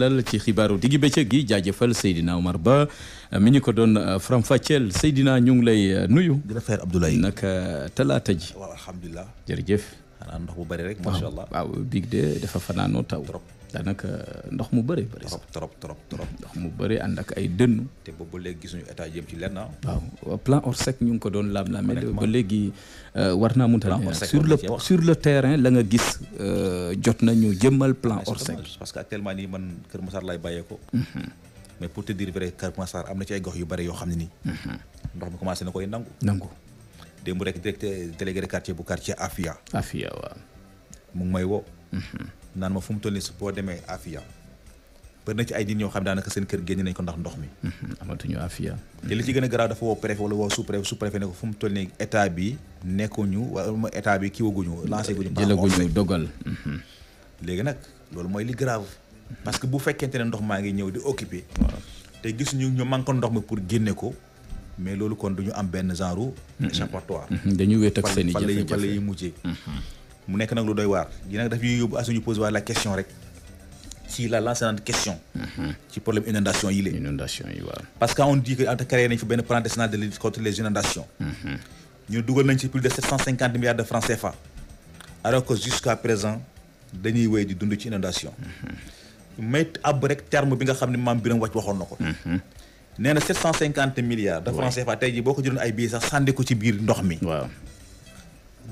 lal ci xibaaru diggi bëccëg gi jaajëfal Seydina Omar Ba mi ñu ko doon euh, faram-fàcceel Seydina ñu ngi lay euh, nuyu. di la fayal Abdoulaye naka talaata ji. waaw alhamdulilah jërëjëf. xanaa ndox bu bëri rek. macha allah waaw biig de dafa fanaanoo taw. trop ndox mu bëri. bëri trop trop trop ndox mu bëri ànd ak ay dënnu. te boobu ba léegi gisuñu état jëm ci lenn ah. waaw plan Orsec ñu ngi ko doon laam-laame. ba léegi euh, war naa mun a. sur le sur le terrain la nga gis. Euh, jot nañu jëmmal plan Orsec. parce que actuellement nii man Kër Massar laay bàyyee ko. Mhm. mais pour te dire vrai Kër Massar am na ci ay gox yu bëri yoo xam ne nii. Mhm. ndox mi commencé na koy nangu. nangu. démb rek directeur délégué de quartier bu quartier Afia. Afia waaw. mu may woo. naan ma fu mu toll nii su boo demee Afia. bari na ci ay nit ñoo xam daanaka seen kër génn nañ ko ndax ndox mi. Mhm, amatuñu Afia. te li ci gën a garaaw dafa woo préfet wala woo sous préfet sous préfet ne ko fu mu toll nii état bi nekkuñu wala état bi kiwaguñu lancé guñu. jëlaguñu dogal. léegi nag loolu mooy li grave. parce que bu fekkente ne ndox maa ngi ñëw di occupé. te gisuñu ñu manqué ndox mi pour génne ko. mais loolu kon du ñu am benn genre mm-hmm. échappatoire mm-hmm. dañu wéet ak seen i jafe mu nekk nag lu doy waar gi nag daf ñuy yóbbu asuñu posé waa la question rek si la lancinante question mm-hmm. ci problème inondation yi lee inondation yi waaw parce que on dit que ante créé nañ fi benn plan de lutte contre les inondations ñu dugal nañ ci plus de sept cent cinquante milliards de francs CFA alors que jusqu'à présent dañuy wéy di dund ci inondation mais ab rek terme bi nga xam ne maam Birame wàcc waxoon na ko nee na 750 milliards. de francs CFA tey jii boo ko jëloon ay billets sax sànni ko ci biir ndox mi. waaw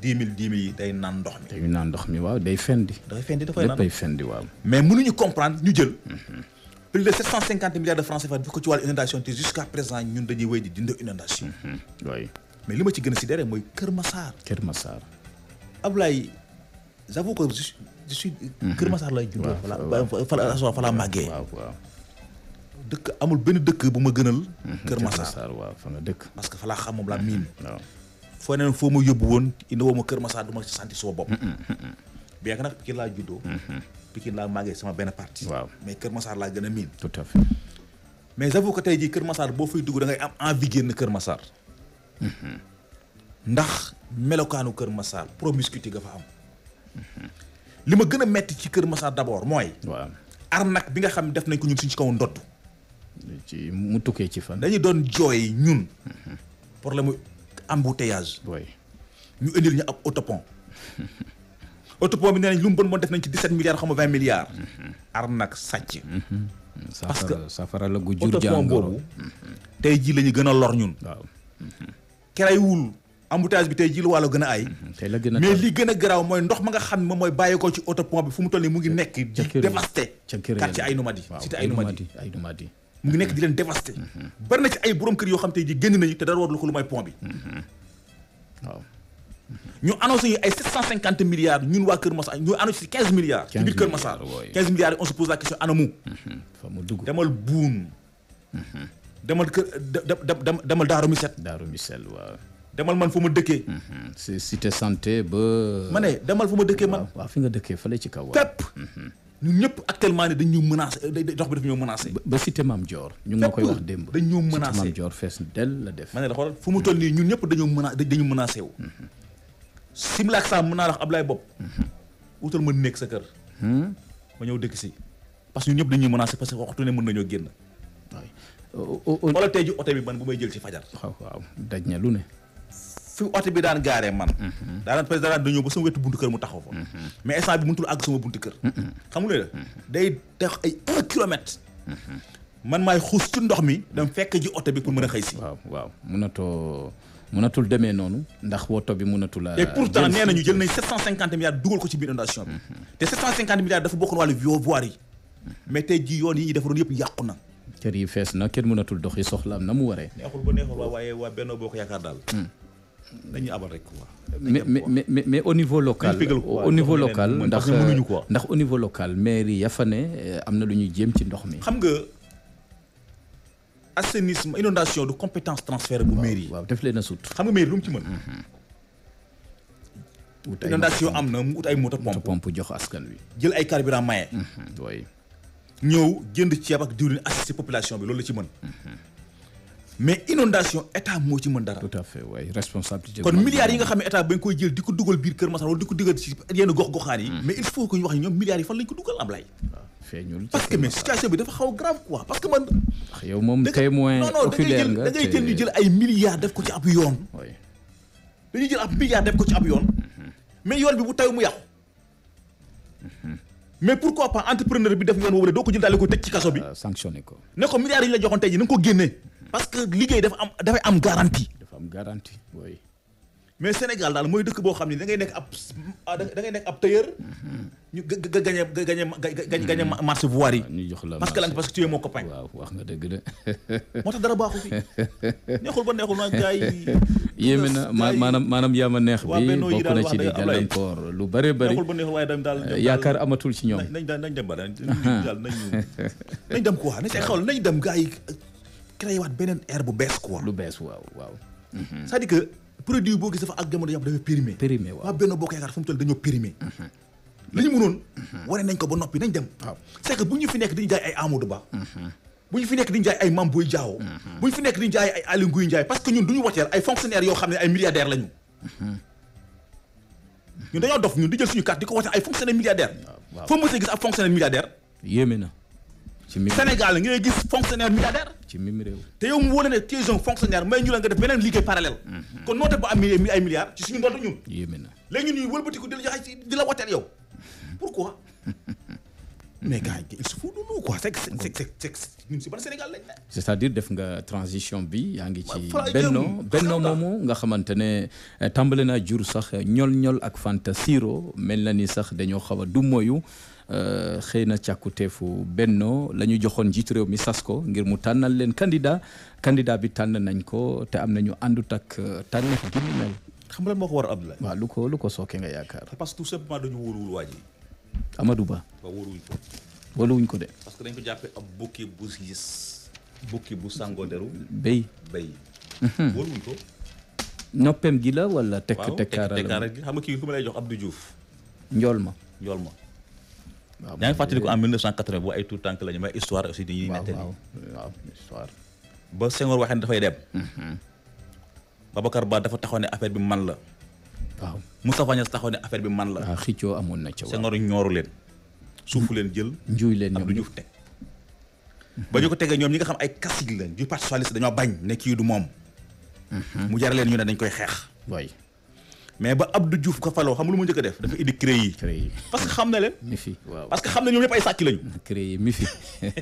10 000 10 000 yi day naan ndox mi. day naan ndox mi waaw day fendi. dafay fendi dafay naan léppay fendi waaw. mais mënuñu comprendre ñu jël. Mhm. plus de 750 milliards de francs CFA def ko ci wàllu inondation te jusqu'à présent ñun dañuy wéy di dindi inondation. Mhm. oui mais li ma ci gën a si dere mooy Kër Massar. Kër Massar. Ablaye j'avoue que ko suis. Mhm. Kër Massar lay juddoo. waaw waaw fa magg fa waaw. dëkk amul benn dëkk bu ma gënal. Mhm. Kër Massar waaw fa nga dëkk. parce que fa laa xam moom laa miin. Mhm, foo ne foo ma yóbbu woon indi woo Kër Massar du ma ci santi suma bopp. Mhm, bi que nag Pikine laa juddoo. Pikine laa màggee sama benn parti. waaw mais Kër Massar laa gën a miin. tout à fait mais j'avoue que jii Kër Massar boo fay dugg dangay ngay am envie génn Kër Massar. ndax melokaanu Kër Massar promiscuité ga fa am. li ma gën a metti ci Kër Massar d'abord mooy. waaw arnaque bi nga xam def nañ ko ñun ci kaw ndodd ci mu tukkee ci fan. dañu doon jooy ñun. problème mu embouteillage. ñu indil ñu ab autopont. autopont bi nee nañ lu mu bon bon def nañ ci 17 milliards xam nga 20 milliards. arnaque sàcc. parce safara la gu jur jàngoro boobu. tey jii la ñu gën a lor ñun. waaw. kerewul embouteillage bi tey jii la wàllu gën a ay. Mm-hmm. mais li gën a garaaw mooy ndox ma nga xam ne moom mooy bàyyeekoo ci autopont bi fu mu toll nii mu ngi nekk. di dévasté quartier ay nomadi cité ay nomadi mu nekk di leen dévasté bari na ci ay borom kër yoo xam tey ji génn nañu te dara war lu ko lu may pont bi waaw ñu annoncé ñu ay milliards ñun waa Kër Massar ñu annoncé si milliards. 15 milliards ci biir Kër Massar 15 milliards yi on se pose la question anamu. fa mu dugg demal buun. demal kër da demal Darou Missette. Darou Missette waaw. demal man fu ma dëkkee. Mm-hmm. c'est cité santé ba. ma ne demal fu ma dëkkee man. waa fi nga dëkkee fa fële ci kaw. pepp. ñun ñëpp actuellement ne dañ ñu menacé euh, dox bi daf ñoo menacé. ba cité Mame Dior. ñu ngi koy wax démb dañ ñoo menacé cité Mame Dior fees del la def. ma ne la xoolal fu mu toll nii ñun ñëpp dañoo mena dañu menacé wu. Mhm. Simla ak Samb mën naa la wax Ablaye Bob. Mhm. utal ma nekk sa kër. Hmm? ma ñëw dëkk si. parce que ñun ñëpp dañuy menacé parce que waxtu ne mën nañoo génn. wala tey ji oto bi ban bu may jël ci fajar. waaw waaw dañ na lu ne. fi oto bi daan gaaree man mhm. daanaan président daan da ñëw ba sama wetu buntu kër mu taxaw fa mhm. mais instant bi mënutul àgg sama buntu kër mhm. xam nga day def ay un kilomètre man maay xuus ci ndox mi dem fekk oto bi pour mën a xëy si waaw waaw mënatoo mënatul demee noonu ndax woto bi mënatul a et pourtant nee nañu jël nañ sept cent cinquante ko ci biir inondation bi te sept cent cinquante milliards dafa bokkoon wàllu vio yoon yi ñu defaroon yëpp yàqu na kër yi fees na kenn mënatul dox yi soxla na mu waree neexul ba neexul waaye waa Benno Bokk Yaakaar daal hmm. dañuy abal rek quoi. mais mais mais au niveau local. au niveau local ndax ndax au niveau local mairie ya fa eh, am na lu ñuy jéem ci ndox mi. xam nga assainissement inondation de compétence transfert bu mairie. waaw def leen a sut. xam nga mairie lu mu ci mën. inondation am na mu ut ay moto pompe pompe jox askan wi. jël ay carburant maye. Mhm, ñëw jënd ceeb ak diwlin assister population bi loolu la ci mën. Mhm. mais inondation état moo ci mën dara. tout à fait waay responsabilité. kon milliards yi nga xam ne état bañ koy jël di ko dugal biir Kër Masar wala di ko dugal ci yenn gox-goxaan yi. Hmm. mais il faut que ñu wax ñoom jël ah, da ngay jël ñu jël ay milliards def ko ci ab yoon. oui dañuy jël ab milliard def ko ci ab yoon. Hmm. mais yoon bi bu taw mu yàqu. Hmm. mais pourquoi pas entrepreneur bi def yoon woowu rek doo ko jël daal di ko tëj ci kaso bi. Ah, sanctionné ko ne yi la joxoon tey ji na ko génnee parce que liggéey dafa am dafay am garantie. dafa am garantie oui. mais Sénégal daal mooy dëkk boo xam ne da ngay nekk ab ah, da ngay nekk ab tailleur. ñu ga gañe gañe gañe gañe marché voirie yi. Ah, ñu jox la parce que lan parce que tu es mon copain. waaw wax nga dëgg de. moo tax dara baaxu fi neexul ba neexul nag gars yi. maanaam maanaam yaa ma neex bi bokk na ci lu bare bari yaakaar amatul ci ñoom. nañ nañ dem ba nañ dem quoi nañ xaw nañ dem gars créé waat beneen air bu bees quoi. lu bees waaw waaw. Mm-hmm. Mm-hmm. cest à boo gis dafa ak jamono yàpp dafa périmé. périmé waaw waa benn bokk yaakaar fu mu toll dañoo périmé. Mm-hmm. li ñu mënoon. nañ ko ba noppi nañ dem. waaw c'est que bu ñu fi nekk dañu jaay ay Amadou Ba. bu ñu fi nekk dañu jaay ay Mame Boye bu ñu fi nekk dañu jaay ay Aly Ngouille Ndiaye parce que ñun du ñu woteel ay fonctionnaires yoo xam ne ay milliardaires lañu. ñun dañoo dof ñun di jël suñu carte di ko woteel ay fonctionnaires milliardaires. a gis ab fonctionnaire milliardaire. yéeme na. ci mim Sénégal gis fonctionnaire milliardaire. te yow mu wóor ne tu es fonctionnaire may ñu la nga def beneen liggéey parallèle. Mhm. kon noo def ba am ay milliards ci suñu ndonte ñun. yéeme na léegi ñun ñu wëlbatiku di la wateel yow mhm. pourquoi. mais gars yi se fout de nous quoi c'est ñun si dire def nga transition bi yaa ngi ci. benno benno moomu nga xamante ne eh, tàmbale naa jur sax ñol-ñol ak Fanta Siro mel na ni sax dañoo xaw a du moyu euh, xëy na càkkuteefu benno la ñu joxoon jiitu réew mi sas ko ngir mu tànnal leen candidat candidat bi tànn nañ ko te am nañu àndut tak euh, tan gi mu mel. xam nga lan moo ko a Abdoulaye. ko lu ko sookee nga yaakaar. que tout simplement waa ji Amadou Ba. ba wóoruwuñ ko. wóoruwuñ ko de. parce que dañ ko jàppee ab bukki bu gis bukki bu sàngoo deru. béy béy. Mhm. wóoruwuñ ko. noppem gi la wala. tekk tekkaara la waaw xam nga kii lay jox Abdou Diouf. njool ma njool ma. waaw yaa ngi fàttali ko en 1980 bu ay tout tànk lañu mais histoire ba Senghor waxee ne dafay dem. Mhm. Babacar Ba dafa taxoon ne affaire bi man la. waaw Moustapha Niasse taxaw ne affaire bi man la. waaw ah, xëccoo amoon na ca waaw Senghor ñooru leen. suufu leen jël. njuuy leen ñoom Abdou Diouf teg. ba ñu ko tegee ñoom ñi nga xam ay kasig lañ du parti socialiste dañoo bañ ne kii du moom. Mhm. mu jar leen ñu ne dañ koy xeex. mais ba Abdou Diouf ko faloo xam lu mu njëkk a def dafa indi cré parce que xam na leen fi waaw parce que xam na ñoom cré mi fi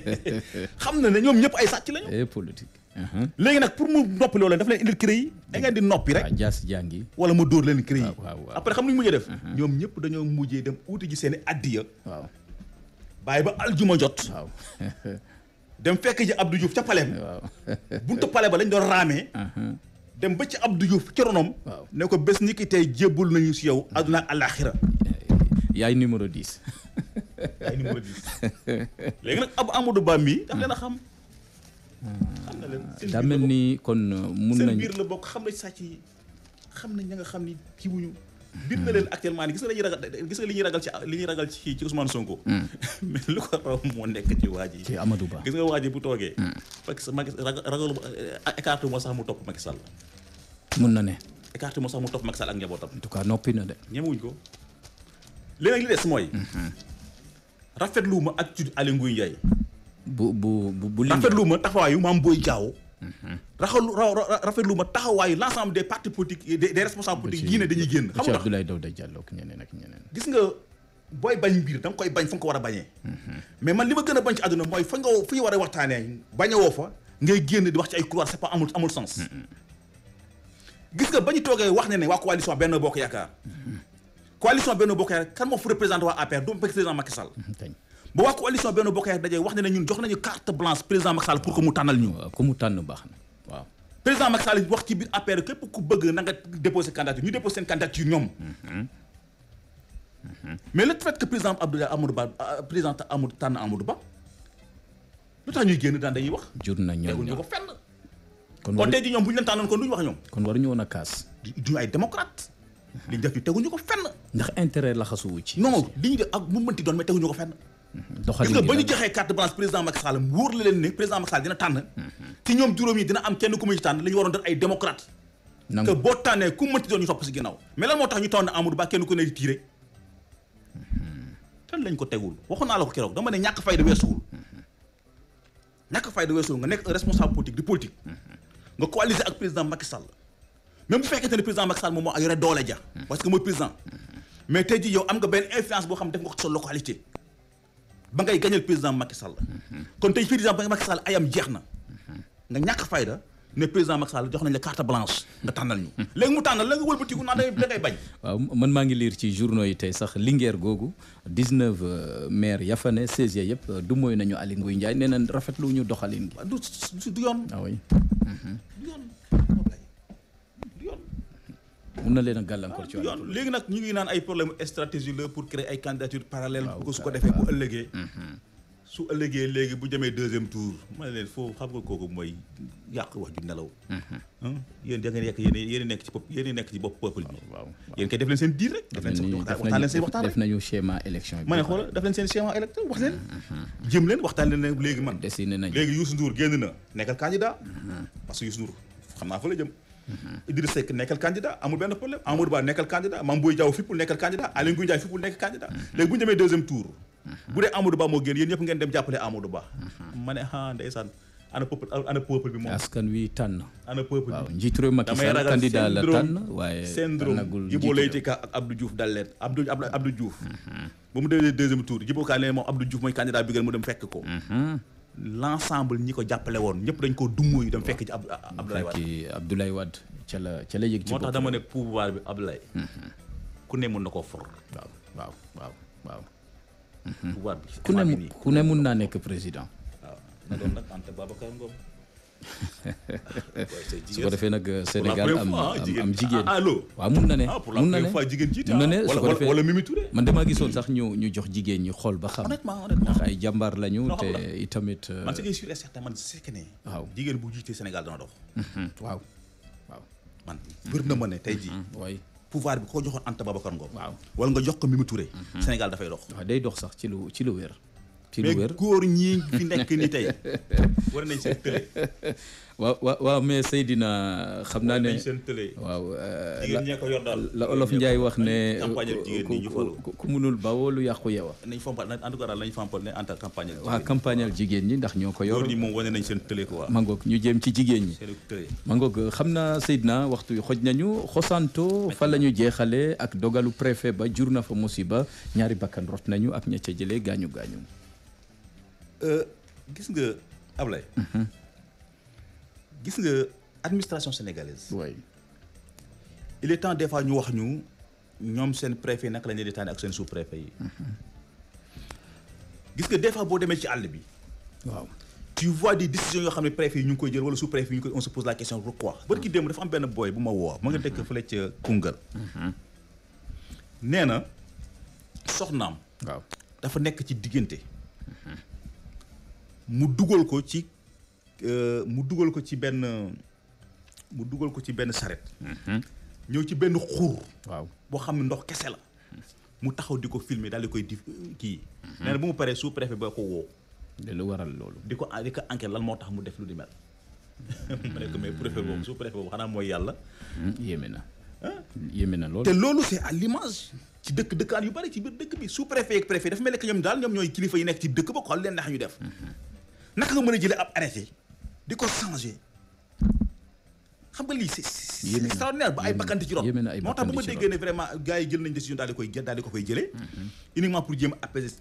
xam na ne ñoom ñëpp ay sàcc lañu eh, politique uh-huh. léegi nag pour mu noppi loolu daf leen indi cré yi da ngeen di noppi rek jaas jàngi wala ma dóor leen cré yi après xam lu ñu mujjee def uh-huh. ñoom ñëpp dañoo mujjee dem uuti ji seen i addiya waaw bàyyi ba aljuma jot waaw dem fekk ji Abdou juuf ca pale waaw buntu palais ba lañ doon raamee uh-huh. dem ba ci Abdou Diouf ci ronom. waaw ne ko bés ni tey jébbul nañu si yow àdduna alaaxira. yaay numéro diis yaay numéro 10 léegi nag ab Amadou Ba mii daf leen a xam. xam na leen daa mel nii kon uh, mun nañu seen biir la bokk xam nañ sàcc yi xam nañ ña nga xam ni kii wuñu biir na leen actuellement ni gis nga li ñuy ragal gis nga li ragal ci li ñuy ci ci Ousmane Sonko. Mm. mais lu ko raw moo nekk ci waa ji. ci Amadou Ba gis nga waa ji bu toogee. Mm. parce que Macky ragal ragal écarte moo sax mu topp Macky Sall. mun na ne. écarté moo sax mu topp Macky Sall ak njabootam. en tout cas noppi na de. ñemewuñ ko léeg-léeg li des mooy. Mhm. rafetlu ma attitude Aly Ngouille Ndiaye. bu bu bu bu. rafetlu ma taxawaayu maam Boye Diao. Mhm. raxalu rafetlu ma taxawaayu l' ensemble des partis politiques et des responsables politiques yi ne dañuy génn. xam nga Abdoulaye Daouda Diallo ak ñeneen ak ñeneen. gis nga booy bañ mbir da nga koy bañ fa nga ko war a bañee. Mhm. mais man li ma gën a bañ ci àdduna mooy fa nga fu war a waxtaanee bañewoo fa ngay génn di wax ci ay couloir c'est pas amul amul sens. gis nga ba ñu toogee wax ne ne waa coalition Benno Bokk Yaakaar coalition Benno Bokk Yaakaar kan moo fi représenté waa APR du président Macky Sall ba waa coalition Benno Bokk Yaakaar dajee wax ne ne ñun jox nañu carte blanche président Macky Sall pour que mu tànnal ñu ku mu tànn baax na waaw président Macky Sall wax ci biir képp ku bëgg na nga déposé candidature ñu déposé seen candidature ñoom mm-hmm. mais le fait que président Abdoulaye Ba euh, président Amadou tànn Amadou Ba lu tax ñuy génn daan dañuy wax jur na ñoom ñu ko fenn kon kon tey ñoom bu ñu leen tànnoon kon duñu wax ñoom. kon waruñu woon a kaas. du ay démocrate. li ñu def ci teguñu ko fenn. ndax intérêt la ci. non li ñu def ak mu mënti doon mais teguñu ko fenn. Mm-hmm. doxalin bi ba ñu joxee carte blanche président Macky Sall wóor la leen ne président Macky Sall dina tànn. Mm-hmm. ci ñoom juróom am kenn ku muy tànn la ñu waroon def ay démocrate. nangu boo tànnee ku mënti doon ñu topp si ginnaaw. mais moo tax ñu tànn Amadou Ba kenn ku ne di tiire. Mm-hmm. lan lañ ko tegul waxoon naa la ko keroog dama ne ñàkk fayda weesuwul ñàkk fayda weesuwul nga nekk un responsable politique di politique nga coaliser ak président Macky Sall même bu fekkente ne président Macky Sall moom moo yore doole ja parce que mooy président mais tey jii yow am nga benn influence boo xam def nga ko sa localité ba ngay gañal président Macky kon tey président Macky ayam jeex na nga ñàkk fayda ne président Macky Sall jox nañ la carte blanche nga tànnal ñu. léegi mu tànnal la nga wëlbatiku naan da ngay bañ. waaw man maa ngi liir ci journaux yi tey sax Linguère googu 19 maire ya fa ne 16 yëpp euh, du mooy nañu Aly Ngouille Ndiaye nee na rafetlu ñu doxalin gi. du yoon. ah oui. Mm-hmm. mun na leen a gàllankoor ci ah, yoon léegi nag ñu ngi naan ay problème stratégie la pour créer ay candidatures parallèles. waaw su ko defee bu ëllëgee. Mm-hmm. su ëllëgee léegi bu jamee deuxième tour ma ne leen foofu xam nga kooku mooy yàq wax ju nelaw. Mm-hmm. yéen da ngeen yekk yéen yéen nekk ci bopp yéen nekk ci bopp peuple bi. waaw yéen kay def leen seen diir rek. def leen seen waxtaan waxtaan leen waxtaan def nañu schéma élection bi. ma ne def leen seen schéma élection wax leen. Mm-hmm. jëm leen waxtaan leen léegi man. dessiné nañu léegi Youssou Ndour génn na nekkal candidat. Mm-hmm. parce que Youssou Ndour xam naa fa la jëm. di Seck nekkal candidat amul benn problème Amadou Ba nekkal candidat Mame Boye Diaw fippul nekkal candidat Aly Ngouille Ndiaye fippul bu dee Amadou Ba moo génn yéen ñëpp ngeen dem jàppale Amadou Ba. Mhm. ma ne ah ndeysaan ana peuple ana peuple bi moom. askan wi waaye. syndrome Ibo Leyti Ka ak Abdou Diouf dal leen Abdou Abdou Diouf. Mhm. ba deuxième tour Djibo Ka ne moom Abdou Diouf mooy candidat bi gën mu dem ko. Mhm. ñi ko jàppale woon ñëpp dañ ko dummoo yi dem fekk ci Abdoulaye Wade ca la ca la yëg ci moo tax dama ne pouvoir bi Abdoulaye ku ne mën na ko for waaw waaw Mm-hmm. pouvoir bi. ku ne mun naa nekk président. waaw nag Anta Babacar Ngom. su ko defee nag euh, Sénégal am am jigéen ah, waaw mun na ne ah, mun na ne na ne su ko defee wala Mimi man damaa gisoon sax ñu ñu jox jigéen ñi xool ba xam ndax ay jàmbaar lañu te itamit euh, man ce qui est sûr et certain waaw bu jiitee Sénégal dana dox mm-hmm. waaw waaw man na ma ne tey jii mm-hmm. pouvoir bi ko joxoon Anta Babacar Ngom. waaw wala nga jox ko Mimi Touré. Mhm. Sénégal dafay dox. waaw day dox sax ci lu ci lu wér. ci lu wér mais góor ñi fi nekk ni tey war nañ seen waaw waaw waaw mais Seydina xam naa ne nañ seen tële. waaw euh, jigéen ñee ko yor daal la olof Ndiaye wax ne. campagne jigéen ñi ñu falu ku lu yàqu yewa. nañ fompal en tout cas daal lañ fompal ne en tant campagne jigéen ñi. jigéen ñi ndax ñoo ko yor. góor ñi moom wane nañ seen tële quoi. mangoog ñu jëm ci jigéen ñi. mangoog xam na naa na waxtu wi xoj nañu xosanto fa la ñu jeexalee ak dogalu préfet ba jur na fa musiba ñaari bakkan rot nañu ak ña ca jëlee gaañu Euh, gis nga Ablaye. Mhm. gis nga administration sénégalaise. oui il est temps des fois ñu wax ñu ñoom seen préfet naka la ñuy di ak seen sous préfet yi. Mhm. gis nga des fois boo demee ci àll bi. waaw tu vois des décisions yoo xam ne préfet yi ñu ngi koy jël wala sous préfet yi ñu koy on se pose la question pourquoi. Mhm. bari ki démb dafa am benn boy bu ma woo. ma nga dëkk fële ca Koungheul. nee na soxnaam. waaw dafa nekk ci diggante. mu dugal ko ci euh, mu dugal ko ci benn mu dugal ko ci benn saret mm-hmm. ñëw ci benn xuur waaw boo xam ndox kese la mu taxaw di ko filmer daal di koy di kii mm-hmm. nee na bu mu paree sous préfet ko woo waral loolu di ko di ko enquête moo tax mu def lu di mel ma ne ko mais préfet boobu sous préfet boobu xanaa mooy yàlla mm-hmm. yéeme na yéeme na loolu te loolu c'est à l'image ci dëkk dëkkaan yu bari ci biir dëkk bi sous préfet ak préfet dafa mel ni ñoom daal ñoom ñooy kilifa yi nekk ci dëkk ba xool leen ndax ñu def naka nga mën a jëlee ab arrêté di ko changé xam nga lii c'est c'est extraordinaire ba ay bakkan ci rob moo tax bu ma déggee ne vraiment gars yi jël nañ décision daal di koy jël daal di ko koy jëlee mhm. uniquement pour jéem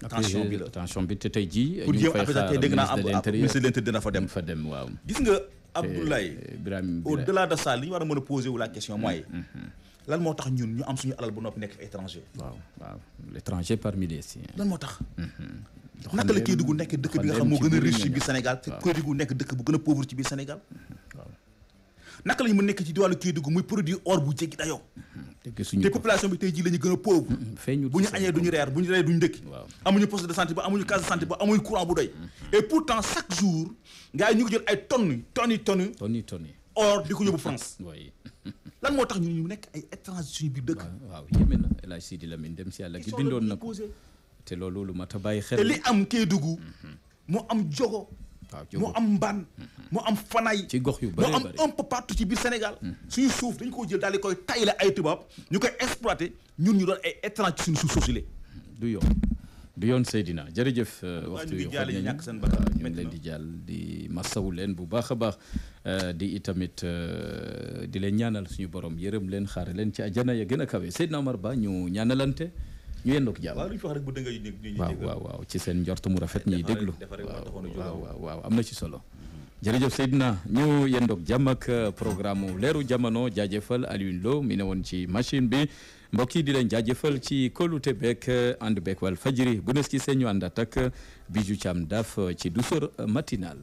tension bi la tension bi te tey jii pour jéem apaiser tey dégg naa ab ministre de l'intérieur dina fa dem fa dem waaw gis nga Abdoulaye au delà de ça li ñu war a mën a posé wu la question mooy mhm, mhm. lan moo tax ñun ñu am suñu alal bu noppi nekk fi étranger waaw waaw l'étranger parmi les siens lan moo tax naka la Kédougou nekk dëkk bi nga xam moo gën a riche ci biir Sénégal nekk dëkk ci biir Sénégal naka lañ mu nekk or bu jéggi dayoo te population bi tey jii la ñu gën a pauvre mm-hmm. bu ñu añee duñu reer bu ñu reer duñu dëkk amuñu poste de santé ba amuñu case de santé ba amuñu courant bu doy mm-hmm. et pourtant chaque jour gars yi ñu ngi jël ay tonnes tonnes tonnes tonnes di ko yóbbu ñu nekk ay étranger suñu biir dëkk waaw yéeme na dem si yàlla gi bindoon na te loolu lu mat a bàyyi xel. li am Kédougou. moo mhm. am Diogo. waaw moo am mban moo mhm. am Fanaay. ci gox yu bëree bëri moo am un peu ci biir Sénégal. Mhm. suñu suuf dañ koo jël daal di koy tayle ay tubaab ñu koy exploité ñun ñu doon ay étranger ci suñu suuf soosu du yoon du yoon Seydina jërëjëf. Euh, waxtu yu xool nañu ñu ngi leen di jàll di masawu leen bu baax a baax. Euh, di itamit euh, di leen ñaanal suñu borom yërëm leen xaare leen ci ajana ya gën a kawe Seydina Omar Ba ñu ñaanalante. ñu yendoog jàmm waaw waaw waaw ci seen njort mu rafet ñuy déglu waaw waaw waaw am na ci solo jërëjëf Seydina ñu yendoog jàmm ak euh, programme leeru jamono jaajëfal Alioune Lo mi ne woon ci machine bi mbokk yi di leen jaajëfal ci kóolute beeg euh, ànd beeg Walfadjri bu nes ki seen ñu àndaat ak euh, Bijou Thiam Daf ci douceur matinal